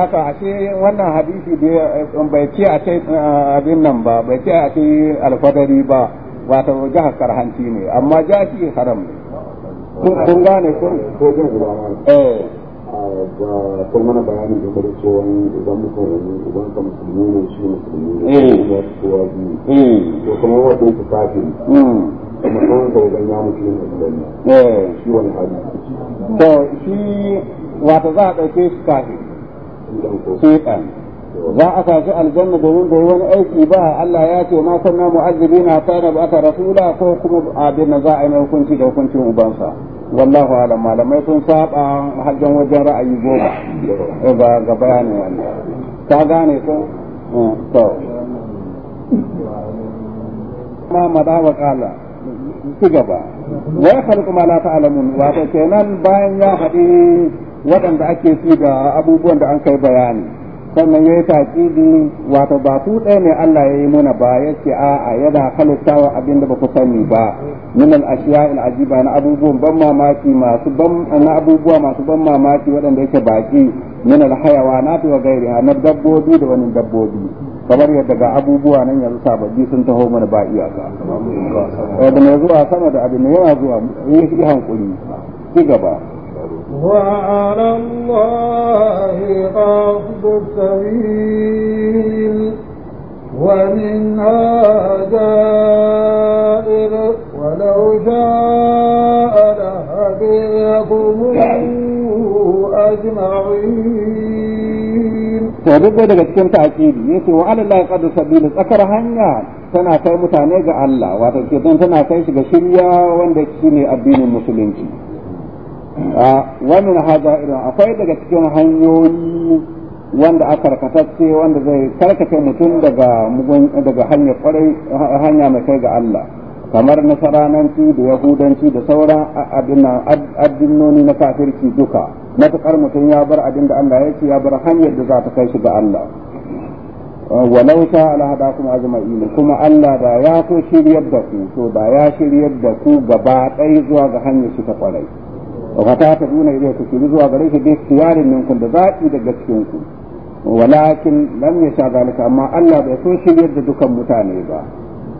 haka a ce wannan hadisi bai ce a ce abin nan ba bai ce a ce alfadari ba wata jaha jihar karhanci ne amma jashi haram ne kun gane kun ko jin guda ma eh ba kun mana bayanin game da cewa idan muka wani idan ka musulmi ne shi musulmi ne ya eh. kowa biyu to eh. kuma wanda yake kafin hmm. kuma kan ka idan ya mutu yin da eh. shi wani hali to shi wata za a ɗauke shi kafin fiqan za a tashi aljanna domin bai wani aiki ba Allah ya ce ma kunna mu'azzibina fa ba ba'ata rasula ko kuma abin da za a yi mai hukunci da hukuncin ubansa wallahu alam malamai sun saba hajjan wajen ra'ayi goma eh, ba ga bayanin wannan ka gane ko hmm, to ma mada wa kala ci gaba wa yakhluqu ma la ta'lamun wato kenan bayan ya faɗi waɗanda ake su da abubuwan da an kai bayani sannan ya yi taƙidi wato ba su ɗaya ne Allah ya yi muna ba ya ce a yana halittawa abin da ba ku sani ba min al-ashiya al-ajiba na abubuwan ban mamaki masu ban na abubuwa masu ban mamaki waɗanda yake baki min al-hayawanat wa ghayriha na dabbobi da wani dabbobi kamar yadda ga abubuwa nan yanzu sababbi sun taho mana ba iyaka da mai zuwa sama da abin yana zuwa yi hankuri ci gaba وعلى الله قصد السبيل ومنها دائر ولو شاء لهديكم أجمعين تابد daga cikin ta'kidi yace wa alallahi qad sabila tsakar hanya tana kai mutane ga Allah wato kenan tana kai shi ga shirya wanda shine addinin musulunci wannan haza irin akwai daga cikin hanyoyi wanda aka karkatacce wanda zai karkace mutum daga daga hanya kwarai hanya mai kai ga Allah kamar nasarananci da yahudanci da sauran addinoni na kafirci duka matukar mutum ya bar abin da Allah ya ce ya bar hanyar da za ta kai shi ga Allah walau sha ala kuma ajma'in kuma Allah da ya so shiryar da ku to da ya shiryar da ku gaba ɗaya zuwa ga hanyar shi ta kwarai fata ta duna ilai ku shiri zuwa gare shi bai siyarin minkum da zaɓi daga cikin ku walakin lam yasha zalika amma Allah bai so shiryar da dukan mutane ba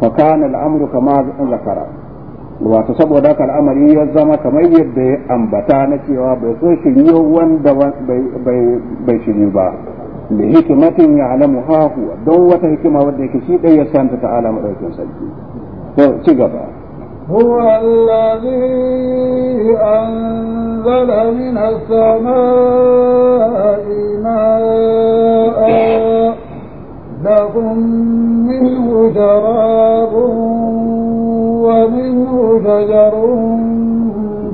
fa kana al'amru kama zakara wato saboda haka al'amari ya zama kamar yadda ya ambata na cewa bai so shiryo wanda bai shiryu ba da hikimatin ya alamu hahu don wata hikima wadda yake shi ɗaya santa ta'ala maɗaukin sarki to ci gaba هو الذي أنزل من السماء ماء لكم منه شراب ومنه شجر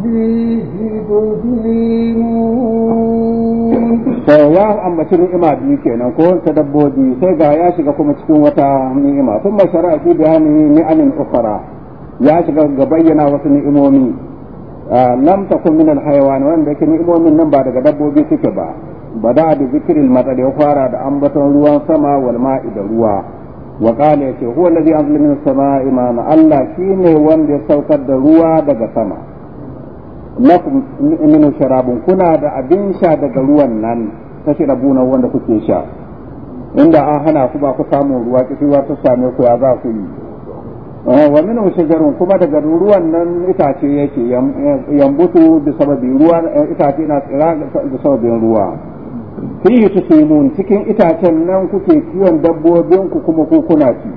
فيه ya ambaci ni'ima biyu kenan ko ta dabbobi sai ga ya shiga kuma cikin wata ni'ima sun bashara ni'amin ya shiga ga bayyana wasu ni'imomi ah, lam takun min alhayawan wanda yake ni'imomin nan ba daga dabbobi suke ba bada da zikirin matsar ya fara da ambaton ruwan sama wal ma'i da ruwa wa qala yace huwa allazi anzala min as-sama'i ma'an Allah shine wanda ya saukar da ruwa daga sama lakum minu sharabun kuna da abin sha daga ruwan nan rabuna wanda kuke sha inda an hana ku ba ku samu ruwa kishirwa ta same ku ya za ku yi Eh, wa minhu shajarun kuma daga ruwan nan itace yake yambutu da sababi ruwa eh, itace na tsira da sababin ruwa fihi tusimun cikin itacen nan kuke kiwon dabbobin ku kuma ku kuna ci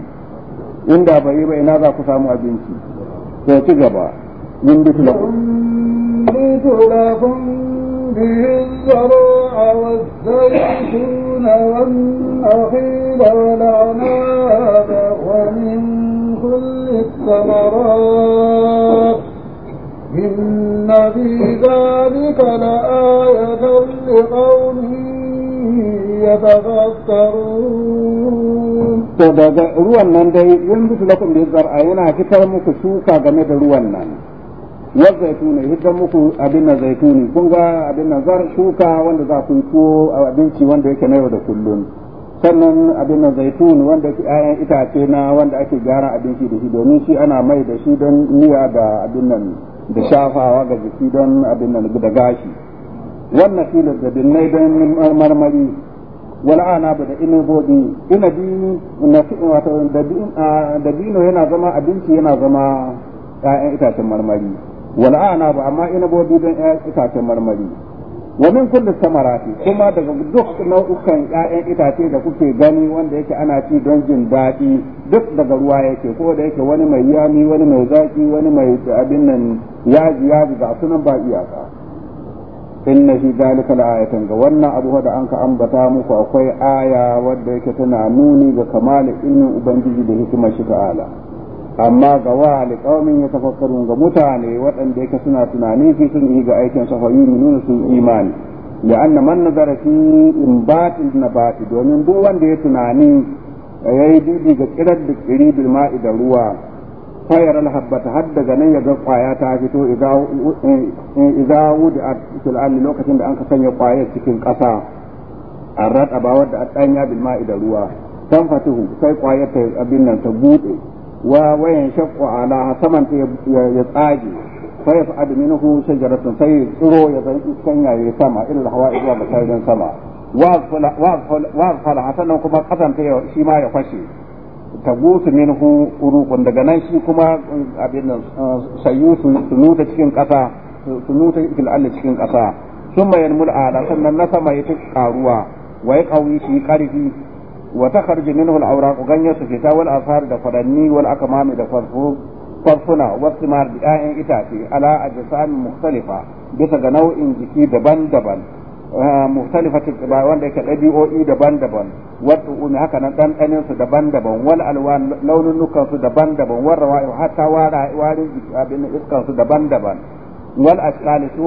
inda bai yi ba ina za ku samu abinci sai ci gaba yin lakum به والنخيل والعناب ومن كل الثمرات إن في ذلك لآية لقوم يتفكرون to daga ruwan nan dai yin bisu lakum bi zar'a yana fitar muku shuka game da ruwan nan wal zaituni hidan muku abin na zaituni kun ga abin nan zar shuka wanda za ku yi tuwo abinci wanda yake na yau da kullum sannan abin nan zaitun wanda ayan itace na wanda ake gyara abinci da shi domin shi ana mai da shi don miya da abin nan da shafawa ga jiki don abin nan da gashi wannan shi da nai don marmari ana ba da ina ina bi na wato da bino yana zama abinci yana zama 'ya'yan itacen marmari ana ba amma ina inabobi don 'ya'yan itacen marmari wa min kulli samarati kuma daga duk nau'ukan ƴaƴan itace da kuke gani wanda yake ana ci don jin daɗi duk daga ruwa yake ko da yake wani mai yami wani mai zaki wani mai abin nan yaji yaji ga sunan ba iyaka inna fi zalika la'ayatan ga wannan abu da an ka ambata muku akwai aya wadda yake tana nuni ga kamalin ilmin ubangiji da hikimar shi ta'ala amma ga wa liƙaumin ya tafakkaru ga mutane waɗanda yake suna tunani fi sun yi ga aikin sa fayu nuna sun imani da anna man nazara fi in batin na bati domin duk wanda ya tunani ya yi dubi ga kirar da kiri bil ma'i da ruwa fayar alhabbata har daga nan ya ga kwaya ta fito idza wudi a tul'an lokacin da an ka sanya kwayar cikin kasa a raɗa ba wadda a bil ma'i da ruwa tan fatuhu sai kwayar ta abin nan ta buɗe wa wayan shaqqu ala saman ya tsage ya yaf'ad minhu shajaratun sai sai tsoro ya san iskan yayi sama illa hawa zuwa ga sama wa fala hasanan kuma kasan ta shi ma ya fashe ta gusu uru kun daga nan shi kuma eh, abin nan eh, sayu su nuta cikin kasa su nuta fil alli cikin kasa sun mayan mul'ala sannan na sama ya ta karuwa wai ya kawi shi karfi wata takhruju minhu al-awraq ganye su fita wal asar da fadanni wal akamami da farfu farfuna wa thimar da ƴaƴan itace ala ajsam mukhtalifa bisa ga nau'in jiki daban-daban mukhtalifatin ba wanda yake ɗabi'o'i daban-daban wadda umi haka nan ɗanɗanin su daban-daban wal alwan laununukan su daban-daban wal rawa'i hatta wara warin abin iskan su daban-daban wal ashkali su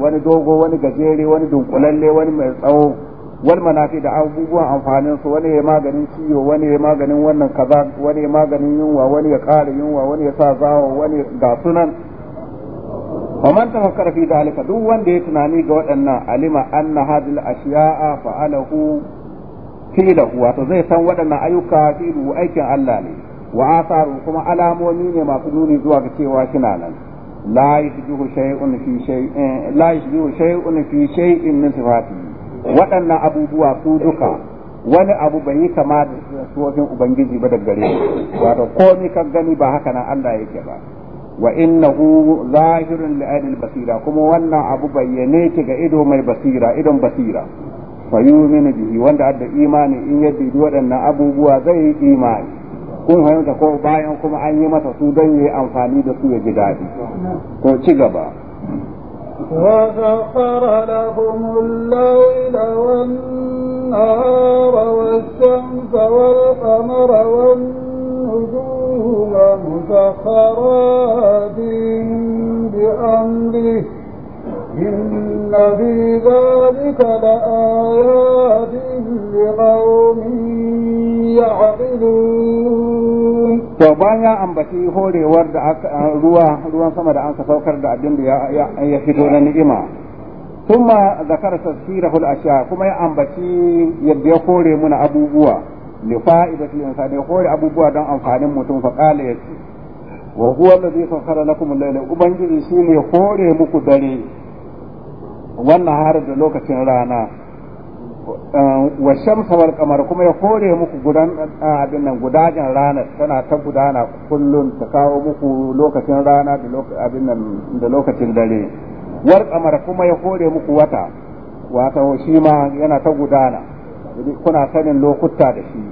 wani dogo wani gajere wani dunkulalle wani mai tsawo wal manafi da abubuwan amfanin su wani ya maganin ciwo wani ya maganin wannan kaza wani ya maganin yunwa wani ya ƙara yunwa wani ya sa zawo wani ga sunan faman tafakkara fi dalika duk wanda ya tunani ga waɗannan alima anna hadil ashiya'a fa'alahu filahu wato zai san waɗannan ayyuka filu aikin Allah ne wa asaru kuma alamomi ne masu nuni zuwa ga cewa kina nan la yajidu shay'un fi shay'in la yajidu shay'un fi shay'in min sifatihi waɗannan abubuwa su duka wani abu bai yi kama da sojin ubangiji ba da gare wato komi ka gani ba haka nan Allah yake ba wa innahu zahirun li basira kuma wannan abu bayyane ki ga ido mai basira idon basira fa yu'minu bihi wanda adda imani in ya waɗannan abubuwa zai yi imani kun fahimta ko bayan kuma an yi masa su don yi amfani da su ya ji daɗi to ci gaba وسخر لهم الليل والنهار والشمس والقمر والنجوم مسخرات بأمره إن في ذلك لآيات لقوم يعقلون to bayan ambaci horewar da ruwa ruwan sama da an ka saukar da abin da ya fito na ni'ima thumma zakara tasfirahu al-ashya kuma ya ambaci yadda ya hore muna abubuwa li fa'idati insani ya hore abubuwa dan amfanin mutum fa qala yace wa huwa alladhi sakhara lakum al-layla ubangiji shine hore muku dare wannan har da lokacin rana Eh, wa shamsa wal qamar kuma ya kore muku gudan eh, abin nan gudajen ranar tana ta gudana kullun ta kawo muku lokacin rana da lokacin abin nan da lokacin dare war qamar kuma ya kore muku wata wato shi ma yana ta gudana kuna sanin lokuta da shi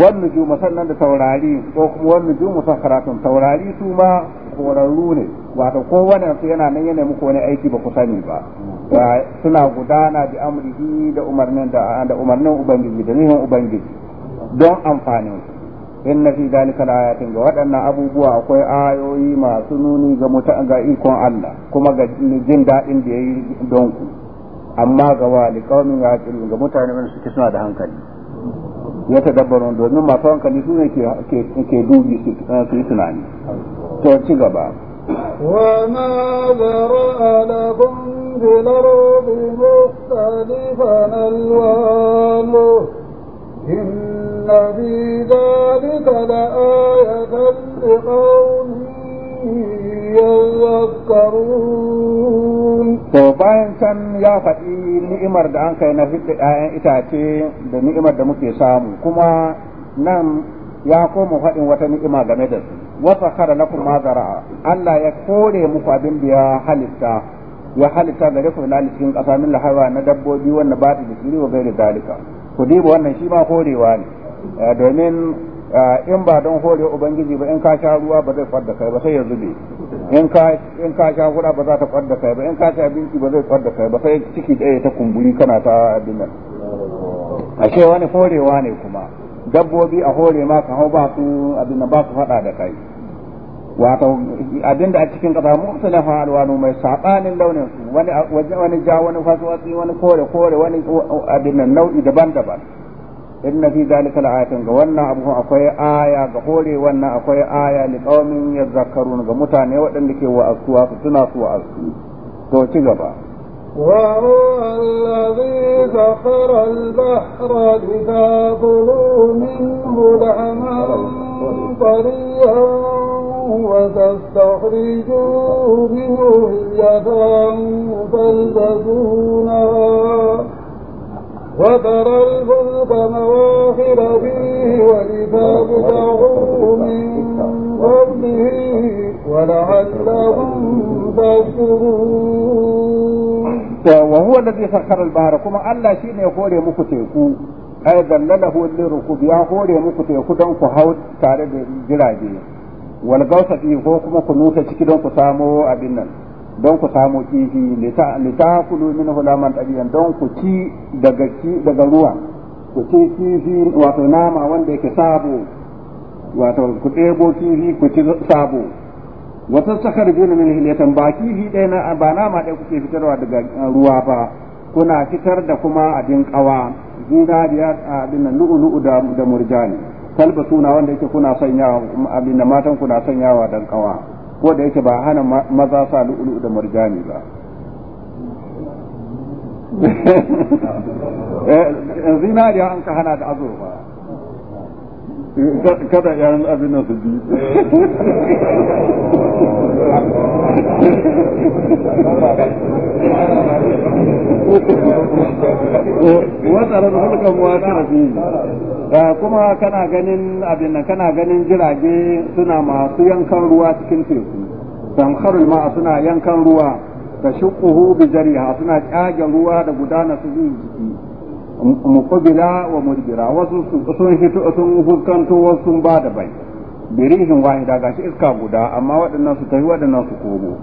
wan nujumu sannan da taurari ko kuma wan nujumu sakharatun taurari su ma horarru ne wato kowane su yana nan yana muku wani aiki ba ku sani ba suna gudana bi amrihi da umarnin da da umarnin ubangiji da nihin ubangiji don amfanin in na fi zalika ayatin ga waɗannan abubuwa akwai ayoyi masu nuni ga ga ikon Allah kuma ga jin daɗin da yayi don ku amma ga wali ya yaqilun ga mutane wanda suke suna da hankali ya tadabbarun domin masu hankali su ne ke dubi su yi tunani to ci gaba وما ذرأ لكم في الأرض مختلفا ألوانه إن في ذلك لآية لقوم يذكرون to bayan can ya faɗi ni'imar da an kai na fiɗa 'ya'yan itace da ni'imar da muke samu kuma nan ya koma faɗin wata ni'ima game da su wa na kuma ma Allah ya kore muku abin da ya halitta ya halitta da rikun na cikin ƙasa min lahawa na dabbobi wanda ba ta jikiri wa gairi dalika ku diba wannan shi ma horewa ne eh, domin eh, in ba don hore ubangiji ba in ka sha ruwa ba zai fadda kai ba sai ya zube in ka in ka sha hura ba za ta fadda kai ba in ka sha abinci ba zai fadda kai ba sai ciki ɗaya ta kumburi kana ta abin nan ashe wani horewa ne kuma dabbobi a hore ma ka hau ba su abin ba su faɗa da kai wato abinda a cikin kasa mukhtalafa alwanu mai sabanin launin su wani wani ja wani fasu wani kore kore wani abin nau'i daban-daban inna fi zalika la'atin ga wannan abu akwai aya ga kore wannan akwai aya li qaumin yadhakkarun ga mutane waɗanda ke wa'azuwa su tuna su wa'azu to ci gaba وهو الذي سخر البحر لتأكلوا منه لحما طريا تخرجوه بهوية تلبسونها وترى الفلك مواخر فيه ولتبتغوا من فضله ولعلهم تشكرون وهو الذي سخر البحر كما الله شيء يقول يا مكتئكو ai zallalahu lirukub ya hore muku teku don ku hau tare da jirage wal gausa fi ko kuma ku nuta ciki don ku samo abin nan don ku samo kifi li ta kulu min hulaman tabiyan don ku ci daga ki daga ruwa ku ci kifi wato nama wanda yake sabo wato ku ɗebo kifi ku ci sabo wata sakar biyu min hilatan ba kifi ɗaya na ba nama ɗaya kuke fitarwa daga uh, ruwa ba kuna fitar da kuma abin ƙawa zinariya abin nan lu'u-lu'u da murjani kalba suna wanda yake kuna sanyawa abin da matan kuna sanyawa dan kawa ko da yake ba hana maza sa lu'ulu da murjani ba eh, zinariya an ka hana da azurfa kada yan abin su ji wasarar hulkan wata rafi kuma kana ganin abin nan kana ganin jirage suna masu yankan ruwa cikin teku tamkharul ma suna yankan ruwa ta shukuhu bi jariha suna kyage ruwa da gudana su jiki mukabila wa mudbira wasu sun hito sun fuskanto wasu sun ba da bai birihin wahida gashi iska guda amma waɗannan su tafi waɗannan su komo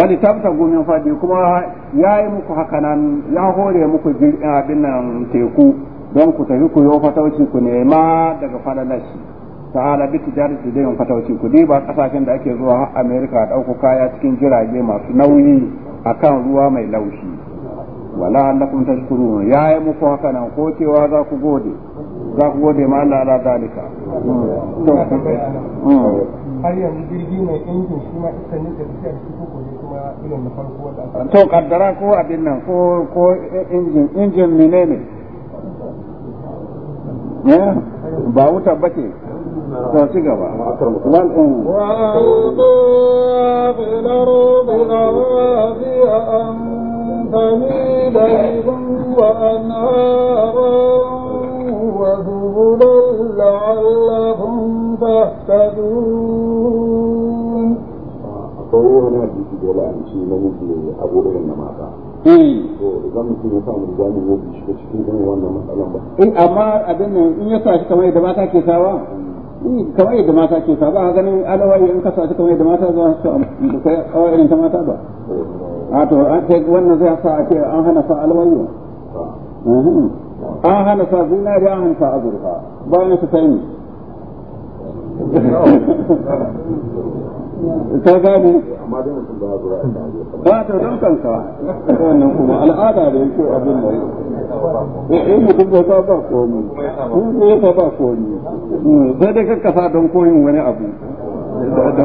wani tabta gumin fadi kuma ya yi muku hakanan ya hore muku abin nan teku don ku tafi ku yi fatauci ku nema daga fadalashi ta hala bi tijarati da yin fatauci ku ba kasashen da ake zuwa amerika a ɗauko kaya cikin jirage masu nauyi akan ruwa mai laushi wala annakum tashkurun yayi muku haka nan ko cewa za ku gode za ku gode ma Allah ala dalika har yanzu jirgi mai injin shi ma iska ne da tafiya da ko ne kuma irin na farko wanda aka to kaddara ko abin nan ko ko injin injin menene eh ba wuta bace to ci gaba wal in wa حميدا وأنهارا وذبلا لعلهم تهتدون أقول أنا جيت ولا أمشي أقول إن ماذا cikin In amma abin nan in ya sa kamar yadda mata ke sawa kamar yadda mata ke sawa ba ganin alawai in ka sa kamar yadda mata za su kai irin ta mata ba. wato an sai wannan zai sa a ce an hana sa alwayo an hana sa zinari an hana sa azurfa bayan su sai ni ta gane ba ta don kanka wannan kuma al'ada da yake abin da yake eh, in eh, mutum bai ta ba komi in ta ba komi hmm, sai dai kakkafa don koyin wani abu wani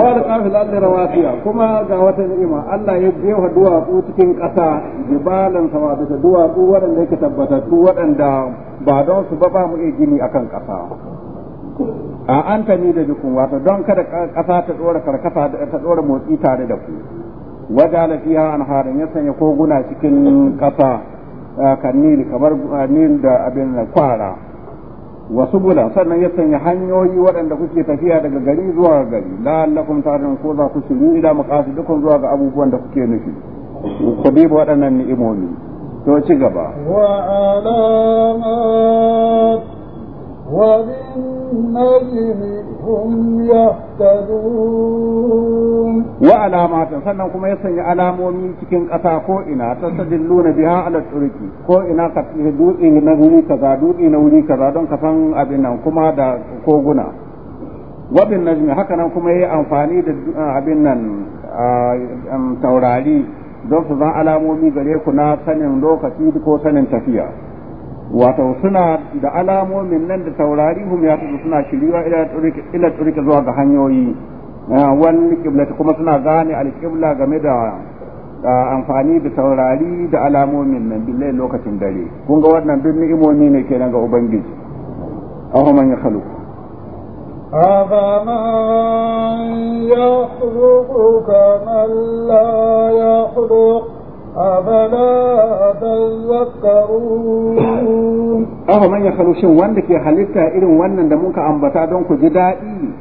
wa da lalle kuma ga wata ni'ima Allah ya jefa duwatsu cikin ƙasa jibalan sama da duwatsu waɗanda yake tabbatattu waɗanda ba don su ba ba mu iya gini akan ƙasa a an ta ni da jikun wato don kada ƙasa ta ɗora karkasa ta ɗora motsi tare da ku wajalafiya an harin ya sanya koguna cikin ƙasa kannili kamar nil da abin da kwara wasu gula sannan ya sanya hanyoyi waɗanda kuke tafiya daga gari zuwa gari la'allakum tarin ko za ku shiru ila maqasidikum zuwa ga abubuwan da kuke nufi ku bi waɗannan ni'imomi to ci gaba wa alamat wa هم sannan kuma ya sanya alamomi cikin ƙasa ko ina ta sadilluna biha ala turki ko ina ka dutse na wuri kaza dutse na wuri kaza don ka san abin nan kuma da koguna wabin najmi haka nan kuma yayi amfani da abin nan taurari don su zan alamomi gare ku na sanin lokaci ko sanin tafiya wato suna da alamomin nan da taurari hum ya tuzu suna shiriwa ila turki zuwa ga hanyoyi ah, wani kiblati kuma suna gane alkibla game da amfani da taurari da alamomin nan billai lokacin dare kun ga wannan duk ni'imomi ne ke ga ubangiji ahu man ya khalu أفمن يخلق la لا أفلا تذكرون أهو من يخلو شن وانك يخلتا إلن وانا don ku ji daɗi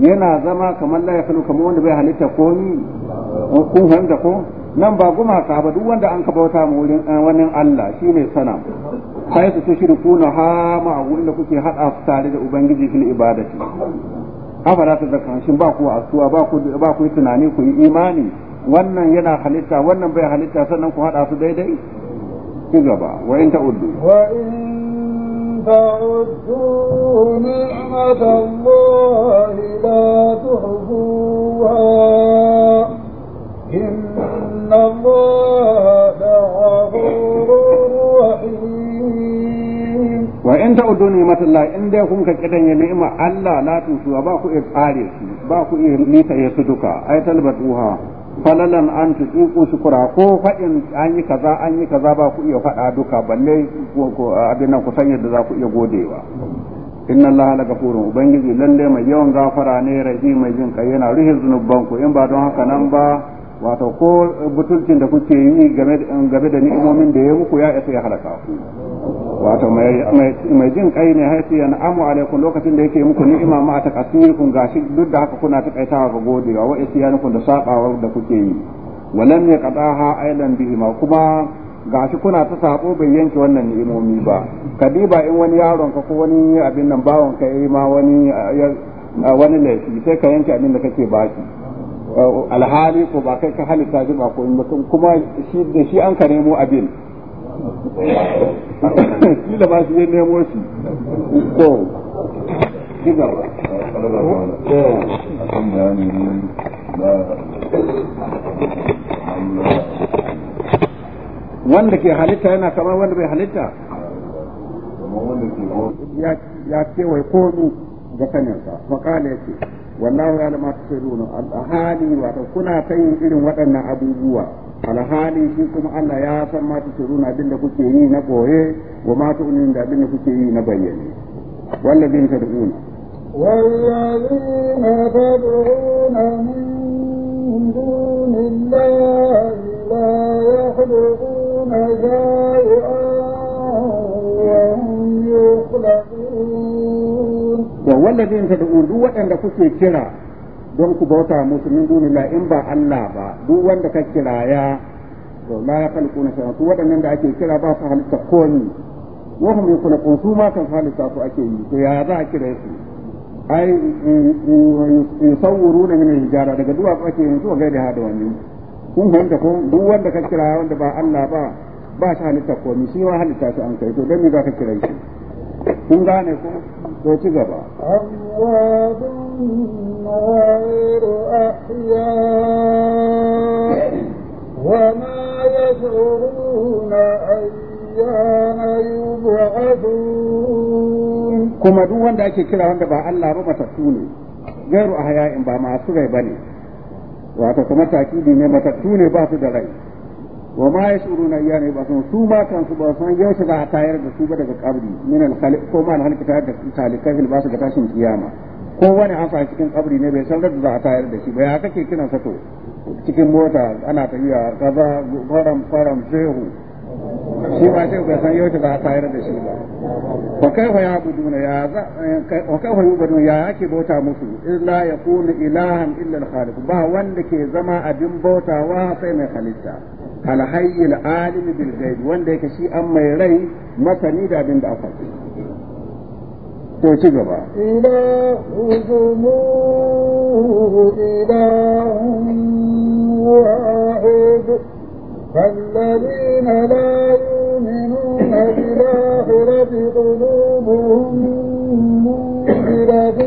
yana zama kamar la ya kamar wanda bai halitta komi kun fahimta ko nan ba gumaka ba duk wanda an ka bauta ma wurin wannan Allah shi sanam sai su shiri shirku na ha ma wurin da kuke hada su tare da ubangiji fil ibadati afala ta zakan shin ba ku asuwa ba ku tunani ku yi imani wannan yana halitta wannan bai halitta sannan ku haɗa su daidai ku gaba wa in ta'uddu wa in ta'uddu ni'matallahi la tuhsuha inna allaha la'ghafurur wa in ta'uddu ni'matallahi in dai kun ka kidan ya ni'ima Allah la tuhsuha ba ku iya tsare su ba ku iya nita ya su duka ay talbatuha falalan an tuƙuƙu sukura ko faɗin an yi kaza an yi kaza ba ku iya faɗa duka balle abin nan ku san yadda za ku iya godewa inna Allah la gafurun ubangiji lalle mai yawan gafara ne rahi mai jin kai yana ruhin zunubanku in ba don haka nan ba wato ko butulcin da kuke yi game da ni'imomin da ya muku ya isa ya halaka ku wato mai jin kai ne haisu ya na'amu alaikum lokacin da yake muku ni'ima ma ta kasirikun gashi duk da haka kuna takaitawa ga godewa wa isyanukum da sabawa da kuke yi walam ya qadaha aidan ma kuma gashi kuna ta sabo bai yanke wannan ni'imomi ba kadiba in wani yaron ka ko wani abin nan bawon ka ma wani laifi sai ka yanke abin da kake baki alhali ko ba kai ka halitta ji ba ko mutum kuma shi da shi an ka nemo abin da ba shi ya nemo shi ko wanda ke halitta yana kamar wanda bai halitta ya kewaye komi ga kanarsa faƙala ya ce wallahu ya lama su sai nuna alhali wato kuna ta yin irin waɗannan abubuwa alhali shi kuma Allah ya san ma ta nuna abin da kuke yi na koye wa ma ta unin da abin da kuke yi na bayyane wanda wallazin tad'una wallazin tad'una min دون الله to wallazin da urdu waɗanda kuke kira don ku bauta musu min la in ba Allah ba duk wanda ka kiraya to la na shay'an su waɗannan da ake kira ba su halitta ko ni wa hum yakhluqun su ma kan halitta su ake yi to ya za a kira su ai yusawwiruna min ne jara daga duwa ake yin to ga da hada wani kun da ko duk wanda ka kira wanda ba Allah ba ba shi halitta ni shi ma halitta shi an kai to dan me za ka kira shi kun gane ko sai ci gaba kuma duk wanda ake kira wanda ba Allah ba matattu ne gairu haya'in ba masu rai ba ne, wata kuma takidi ne matattu ne ba su da rai wa ma iya ne ba san su ba kan su ba san yaushe za a tayar da su ba daga kabri min al khaliq ko ma al khaliq da talikai ba su ga tashin kiyama ko wani an fara cikin kabri ne bai san da za a tayar da shi ba ya kake kina sa cikin mota ana tafiya kaza faram faram zehu shi ba sai ba san yaushe ba a tayar da shi ba wa fa ya buduna ya wa fa yubaduna ya yake bauta musu illa yakunu ilahan illa al khaliq ba wanda ke zama abin bautawa sai mai halitta alhayyin alimi bil wanda yake shi an mai rai masani da abin da aka faɗi to ci gaba ila uzumu ila wahid fallalina la yu'minuna bila hirati qulubuhum munkirun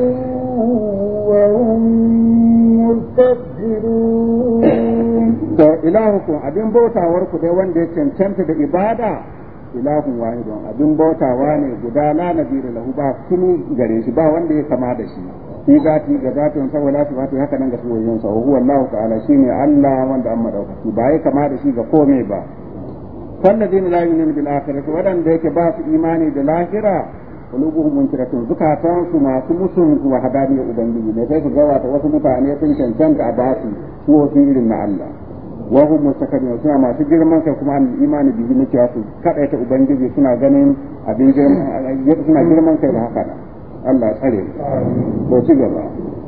wa hum mustakbirun ilahu ilahukum abin bautawar ku dai wanda ya cancanta da ibada ilahun don abin bautawa ne guda la nabira lahu ba kini gare shi ba wanda ya kama da shi ga zati ga zatin sa wala ta haka nan ga suwayin sa huwa Allah ta'ala shine Allah wanda amma daukaki ba ya kama da shi ga komai ba falladin la yu'minu bil akhirati wadanda yake ba su imani da lahira kulubuhum munkiratun zukatan su masu musun hadani ubangiji ne sai su gawa ta wasu mutane sun cancanta a basu su irin na Allah wa hum mustakbirun suna masu girman kai kuma an imani bi na cewa su kadaita ubangiji suna ganin abin girman suna girman kai da haka Allah ya tsare ko ci gaba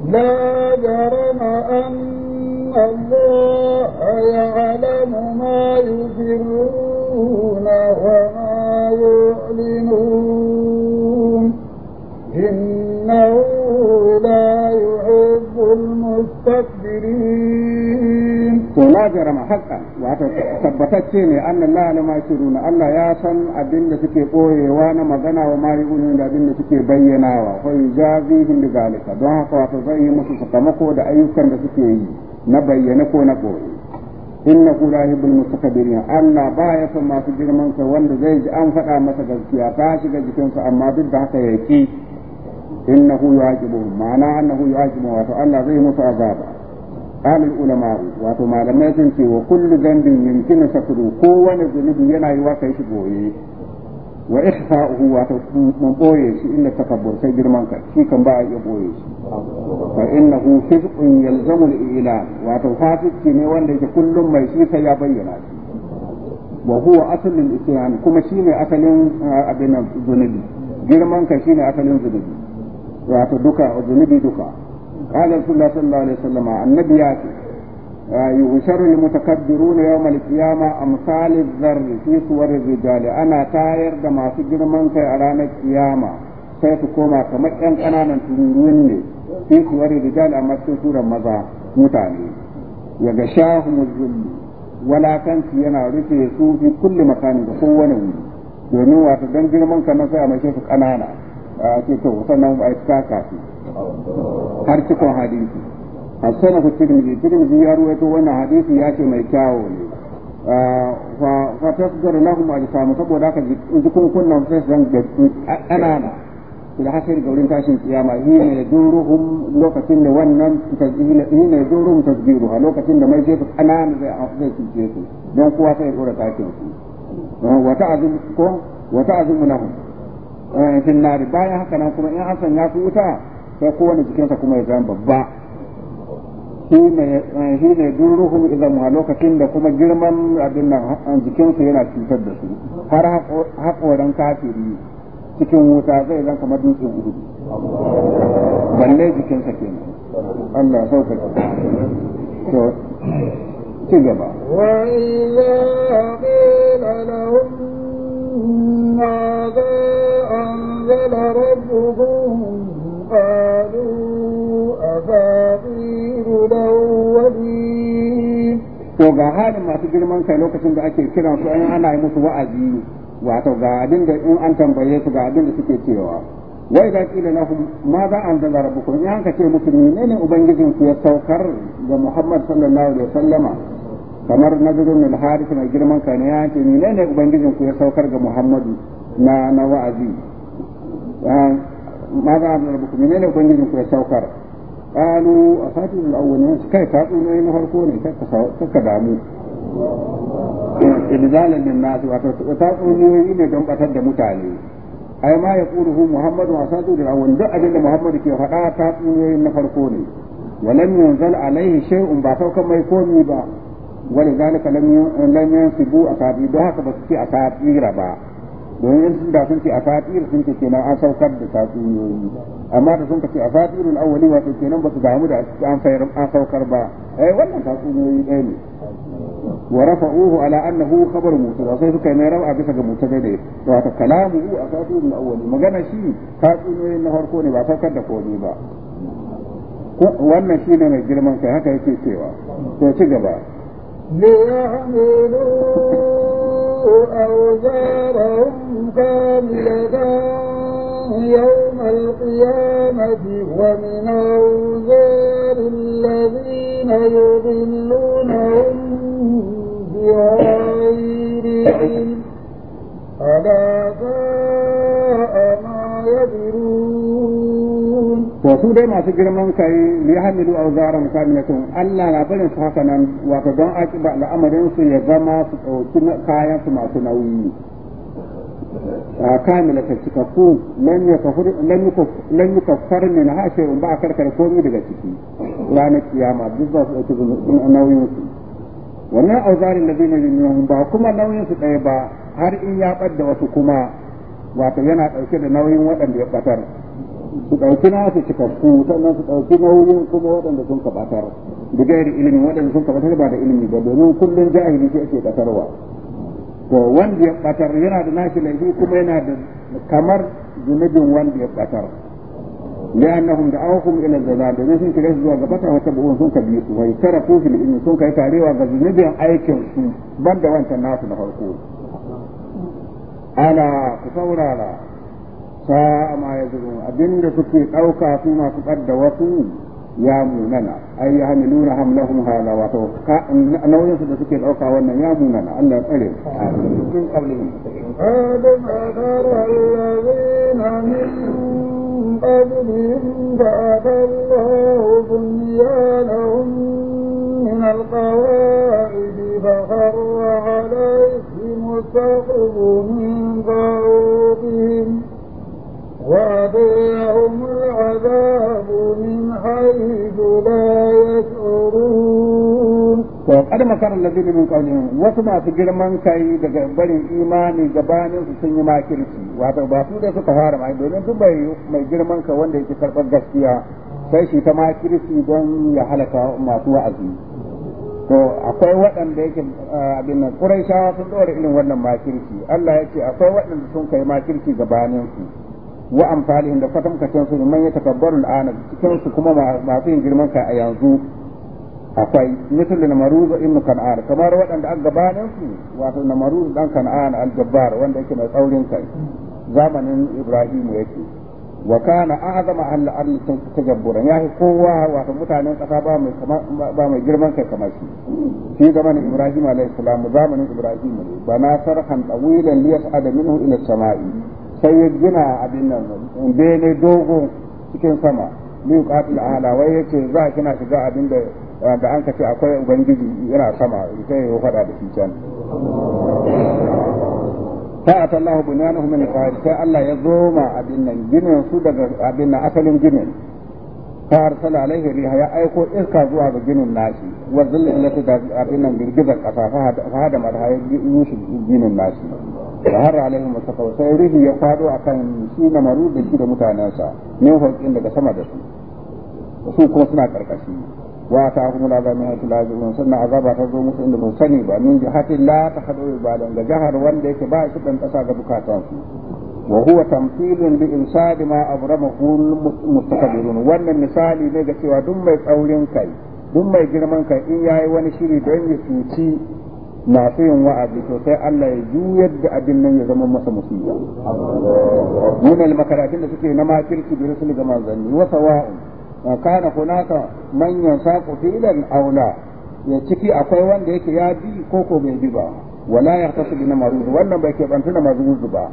la jarama an Allah ya'lamu ma yusirruna wa ma yu'linun innahu la yuhibbul mustakbirin to la jarama haqqan wato tabbatacce ne annallaha lama na Allah ya san abin da suke koyewa na magana wa mai yu'minu da abin da suke bayyanawa ko yujazihim bi zalika don haka wato zai yi musu sakamako da ayyukan da suke yi na bayyana ko na koyi inna ku rahibul mutakabirin Allah ba ya san masu girman sa wanda zai ji an faɗa masa gaskiya ta shiga sa amma duk da haka yake innahu yu'aqibuhum ma'ana annahu yu'aqibuhum wato Allah zai musu azaba قال العلماء واتو ما لم يكن وكل ذنب يمكن ستره كون ذنب ينا يواكي شبوي وإخفاؤه واتو من بويش إلا التكبر سيدر منك شي كان باع يبويش فإنه فزق يلزم الإعلان واتو فاسد كيني وانديك كل ما يشي سيبين وهو أصل الإتيان كما شيني أصل أبنا ذنبي girman ka shine asalin zunubi دكا duka zunubi duka قال رسول الله صلى الله عليه وسلم النبي يبشر المتكبرون يوم القيامة أمثال الذر في صور الرجال أنا تاير دما سجر من كي أرانا القيامة سيتكوما كما أن أنا تنوروني في صور الرجال أما سورة مضى متاني يغشاهم الذل ولا كانت ينا رفي في كل مكان بقوة نوري domin wata don girman ka na sai a mai shi ƙanana a ce to sannan ba a yi har cikin hadisi a ku tirmidhi tirmidhi ya ruwaito wannan hadisi ya ce mai kyawo ne fa lahum samu saboda haka sai zan ana da hasir tashin kiyama duruhum lokacin da wannan duruhum a lokacin da mai jefa ƙanana zai zai cuce su don kowa sai ya dora tashin su eh, bayan haka nan kuma in hasan ya fi wuta sai kowane jikinsa kuma ya zama babba shi eh, ne duruhu idan a lokacin da kuma girman abin nan jikinsa yana cutar da su har haƙoran kafiri cikin wuta zai zan kamar dutsen uhu balle jikinsa kenan Allah sauƙaƙe to ci gaba girman kai lokacin da ake kiran su an ana yi musu wa'azi wato ga abin da in an tambaye su ga abin da suke cewa wai da kila na hum ma za an zanga rabbukum in an kace musu menene ubangijin ku ya saukar ga Muhammad sallallahu alaihi wasallama kamar nazarin al harith mai girman kai ne ya ce menene ubangijin ku ya saukar ga muhammad na na wa'azi ma za an zanga rabbukum menene ubangijin ku ya saukar قالوا أساطير الأولين كيف تقولون إنه هركوني كيف تكداموا ilzalan lin nas wato ta kunyoyi ne don batar da mutane ai ma yaquluhu muhammadu wa sadu da awon duk abin da muhammadu ke faɗa ta kunyoyin na farko ne walam a alaihi shay'un ba saukan mai komi ba wani a لم don haka ba su هكذا a أساطير با domin in sun da sun ce asatir sun ce kenan an saukar da tatsuniyoyi amma da sun ce asatirul awwali wato kenan ba su damu da an saukar ba eh wannan tatsuniyoyi ɗaya ne ورفعوه على أنه خبر موسى سوف كما روى بسك مبتدأ ده كلام هو أساته من اول ما جانا شيء فاتين وين نهار كوني بعثا كده كوني با وانا شيء نانا جرمان كهكا يتي سيوا تشيك با ليعملوا أوزارهم كاملتا يوم القيامة ومن أوزار الذين يضلونهم ألا ساء ما girman وسودة ما سجر من كي ليحملوا أوزارا كاملة ألا لابن سحسنا وتدعى أكبر لأمرين سيزما كايا سما سنوي kamila ta cikakku lan yi kafar ba a karkar komi daga ciki ranar kiyama duk za su ɗauki wa min auzarin ladina yunihum ba kuma nauyin su ɗaya ba har in ya ɓadda wasu kuma wato yana ɗauke da nauyin waɗanda ya ɓatar su ɗauki nasu cikakku sannan su ɗauki nauyin kuma waɗanda sun ka ɓatar gairi ilimi waɗanda sun ka ɓatar ba da ilimi ba domin kullum jahili sai ake ɓatarwa to wanda ya ɓatar yana da nashi laifi kuma yana da kamar zunubin wanda ya ɓatar لأنهم دعوهم إلى الزباد من سنك ليس زوا قبطة وتبعون سنك بيكو ويتركوا في الإن سنك يتاري وغزنبي أيكم بند وانت الناس نحرقون ألا كفورا لا ساء ما يزرون أبين سكي أوكا فيما تقد يا وصول ya munana ai ya hamiluna hamlahum hala wato nauyin su da suke dauka wannan ya munana Allah ya tsare su قبلهم فأتى الله بنيانهم من القواعد فخر عليهم السقف من فوقهم وأتيهم العذاب to kad makar allazina min qablihim wasu masu girman kai daga barin imani gabanin su sun yi makirci wato ba su da suka fara mai domin duk bai mai girman kai wanda yake karɓar gaskiya sai shi ta makirci don ya halaka masu wa'azi to akwai waɗanda yake abin nan quraishawa sun ɗora irin wannan makirci Allah ya ce akwai waɗanda sun kai makirci gabanin su wa amfalihin da fatankacin su man yatakabbaru al'ana cikin su kuma masu yin girman ka a yanzu akwai misal na maruz ibn kan'an kamar waɗanda an gabanin su wato na maruz dan kan'an al-jabbar wanda yake mai tsaurin kai zamanin ibrahim yake wa kana a'zama ahli al-ard tajabburan yahi kowa wato mutanen kasa ba mai ba mai girman kai kamar shi shi zamanin ibrahim alayhi salam zamanin ibrahim ne ba na sarhan tawilan liya yas'ada minhu ila samai sai ya gina abin nan bene dogo cikin sama li yuqatil ala wai ce za kina shiga abin da da an kace akwai ubangiji yana sama sai ya faɗa da shi can fa atallahu bunyanahu min qad sai Allah ya zoma abin nan ginin su daga abin nan asalin ginin fa arsala alaihi riha ya aiko iska zuwa ga ginin nashi wa zillati da abin nan girgizar kasa fa hada marha ya yushi ginin nashi da har alaihi mustafa sai rihi ya fado akan shi na maru da shi da mutanensa ne hokin daga sama da su su kuma suna karkashi wata ta kuma la zama ta la sannan azaba ta zo musu inda ba sani ba min jihatin la ta hadu ibadan ga jihar wanda yake ba shi dan kasa ga bukatan su wa huwa tamthilun bi imsadi ma abramahu mustaqbilun wannan misali ne ga cewa duk mai tsaurin kai duk mai girman kai in yayi wani shiri don ya cuci masu yin wa'azi to sai Allah ya juyar da abin nan ya zama masa musiba min al makaratin da suke na makirci bi rasul ga manzanni wa sawa'un kana hunaka man yansaku filan aw la ya ciki akwai wanda yake ya bi ko ko bai bi ba wala yahtasibu na maruz wannan bai ke bantu da maruz ba